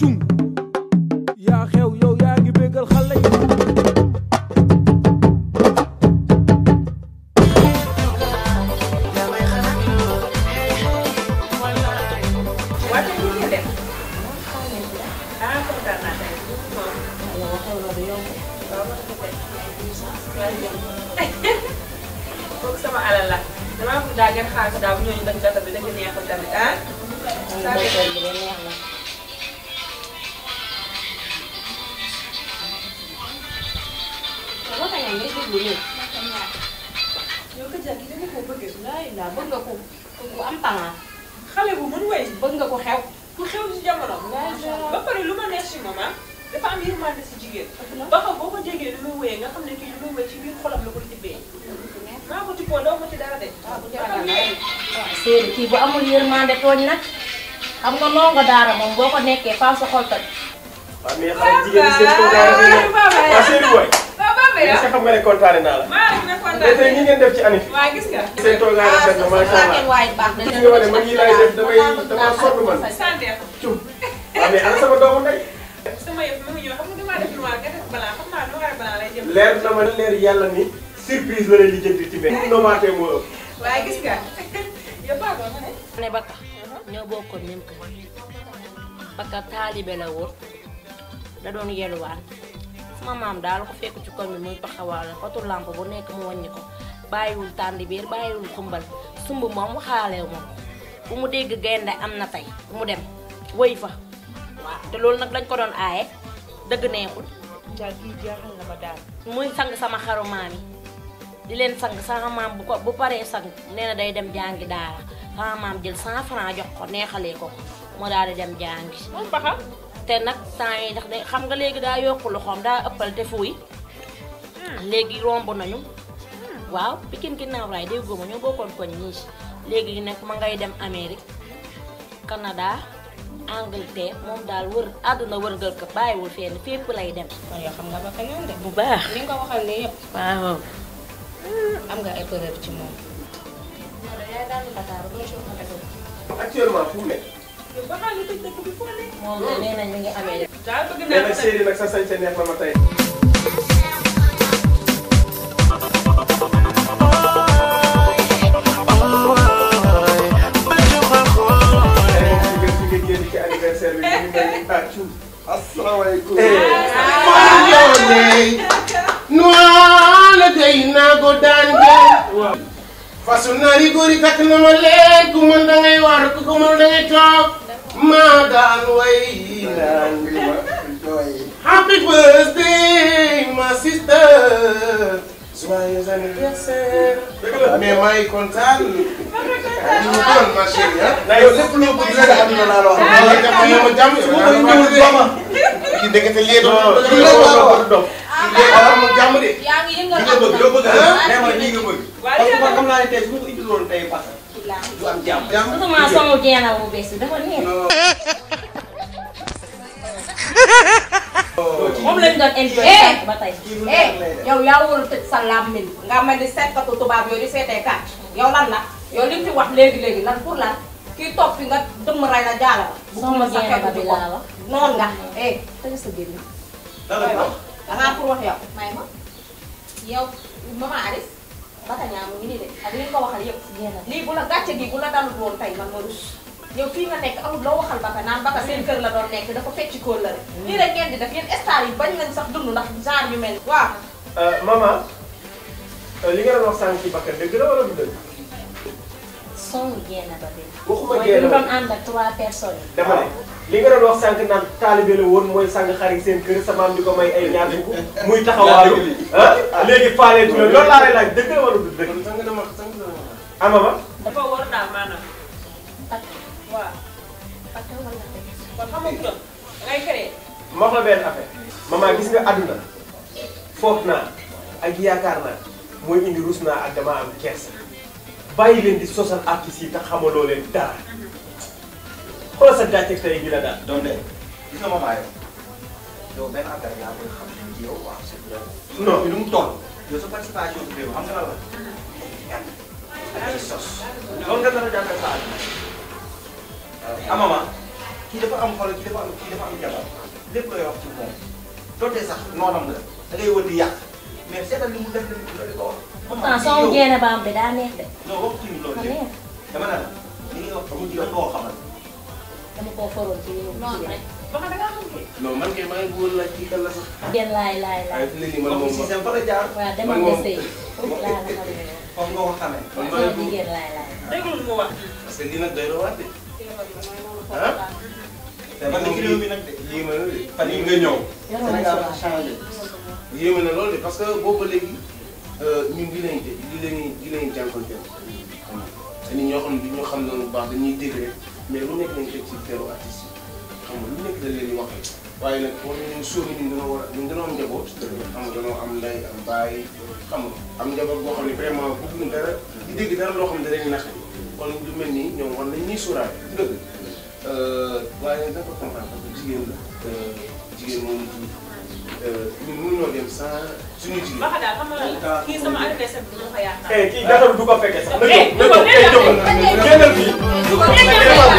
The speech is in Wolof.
sung yaa xew yow yaa ngi bégal xale yi sama alal la yang bëgg daa ngeen xaar daa bu ne ne déglu leen. yow kat yaa ngi dama ko bëggee. alhamdulilah bëgg nga ko ku am talent. xale bu mën way bëgg nga ko xew. ku xew ci jamono. ba pare lu ma neex si moom dafa am yërmande si jigéen. ba xam boo ko jegee lu muy wéyee nga xam ne kii lu muy wéy ci biir xolam la ko tibbee. maa ko tibboo doo ko ci dara de. waaw bu jara séeri kii bu amul yërmande tooñ nag xam nga ndongo daara moom boo ko nekkee faaw sa xol toj. waaw mais xale jigéen ñi seen ma ne kontaane naa la. tey ñi ngeen def ci année. waaw gis nga. seen toogaay rafet na macha allah. Ah, gis nga ma dama ah, a balaa lay jëm. leer na ma yàlla ni surprise la lay lijjanti ci benn. nomaatee moo ëpp. waaw gis nga yëpp a ne. ne Bakka ñoo bokkoon même kër Bakka taalibe la doon yelwaan sama maam daal ko fekk ci koñ bi muy taxawaale xottu làmp bu nekk mu wàññi ko bàyyiwul tàndi biir bàyyiwul xumbal sumb moom waxaalew moom bu mu dégg gaynde am na tey mu dem wëy fa te loolu nag dañ ko doon aaye dëgg neexul jaal na ma daal muy sang sama xaru maam yi di leen sang sama maam bu ko bu paree sang nee na day dem jàngi daara sama maam jël 100 francs jox ko neexalee ko moo daal di dem jàngi. moom baxa te nag temps yi ndax de xam nga léegi daa yokk loxoom daa ëppal te fuuy. Hmm. léegi romb nañu. Hmm. waaw Pikine ginnaaw raay déggoo ma ñu bokkoon ko ñii léegi nekk ma ngay dem Amérique Canada Angleterre moom daal wër àdduna wërngal ko bàyyiwul fenn fépp lay dem. kon yoo ba kañoon bu baax li nga waxal ne yëpp. waaw. Hmm, am nga ay preuve ci moom. yow ba xam ne tëj dëkk bi foo nekk. moom de nee nañ mi ngi amee. daal bëgg naa ko séeri nag sa sañse neex na ma tey. asalaamaaleykum. noonu day naa ko daan jël. façon naa di góor yi takk na ma léegi ku mën da ngay war ku ko mën da ngay toog. maa daan way naan bi ma jooy happy birthday ma sister joyeux anniversaire. mais maa ngi kontaan. ma chérie ah. yow lépp loo bëgg rek am na laa la wax. ma jàmm si ma ñëwul dama. kii ndekete lii doon ma ah, jàmm de. yaa ngi yëngal loo bëgg. vraiment lii nga bëgg. Ah? parce que xam naa ne tey su ma ko indiloon tey parce que du am jàmm. jàmm du sama sama jeena bu bees bi dafa neex. moom lañ doon enjoy eh, ba tey. Eh, yow yaa war a tëj sa làmmiñ nga mel ni seetkatu tubaab yooyu di seetee kat yow lan la yow li mu fi wax léegi léegi lan pour lan kii toog fi nga dëmm ray la jaala la. bu ma sa xeetu di ko noonu nga. Eh, eh tëj sa génn. dara wax dangaa pour wax yow. may ma yow maman Alice. Iya, baka ñaamu ngi hmm. ni de ak li ko waxal yëpp lii bu la gàcce gi bu la dalul woon tey man ma rus yow fii nga nekk amul loo waxal baka naan baka seen kër la doon nekk dafa fecc kóol la rek nii rek ngeen di def yéen star yi bañ nañ sax dund ndax genre yu mel waaw maman li nga wax sànq ci bakkan la wala du dëgg song génn ba bi waxuma génn ba bi a ànd ak trois personnes dama li nga doon wax sànq naan taalibe la woon mooy sànq xarit seen kër sa maam di ko may ay ñaar dugg muy taxawaalu ah léegi faaleetu la loolu la wala du dëgg. kon sànq dama ma gis nga àdduna foog naa ak yaakaar naa mooy indi rus naa ak dama am kersa bàyyi leen di sosal artistes yi te xamaloo leen dara. pourcentage teg tey gi la daal. donc de gis nga maman yow benn affaire laa koy xam ne ci yow waaw c'est vrai. non ni mu toll yow sa participation bi xam nga la la. ay sos. loolu nga nar a jàppee saa am. maman kii dafa am xol kii dafa am kii dafa am jabar lépp lay wax ci moom doonte sax noonam la da ngay wër di yàq mais seetal li mu def li mu ko wax. pourtant soo jéem a baam bi daa neex de. non waxtu bi loolu dama ne la li ngay wax amul jiw koo xamal. dama koo foroon ci ni mu. noonu rek wax dëgg yàlla xam non man kay maa ngi bëggoon laaj kii kan la sax. ngeen laay laay laay. man moom si seen fa la jaar. waaw demal nga sëy laa la xam ne. foofu nga ko xamee. man maa ngi bëgg ngeen laay laay. déggul mu wax. parce que lii nag doy na waar de. ah. ah? te man nag réew mi nag de yéeme na de fan yii nga ñëw. Sénégal a changé. yéeme na loolu de parce que boobu ba léegi euh, ñun li lañ de li lañ li lañ jànkuwanteel. te nit ñoo xam ne du ñu xam loolu bu baax dañuy dégg rek mais lu nekk nañu fekk ci teeru artiste yi xam nga lu nekk dañ leen di waxee waaye nag boo ñun suuf yi ñun dañoo war a ñun dañoo am njaboot. xam nga dañoo am ndey am baay xam nga am njaboot boo xam ne vraiment bëgguñ dara di dégg dara loo xam ne danañ nax kon lu mel nii ñoom war nañ ñuy sóoraale dëgg euh, waaye nag dafa comprendre parce que jigéen la euh, jigéen moom euh, ñun mënuñoo dem sans suñu jigéen. wax daal xam nga lan la kii sama anniversaire bi ma ko yaakaar. Eh, kii gàttal du ko fekkee sax. na jóg na jóg kay jóg génnal fii.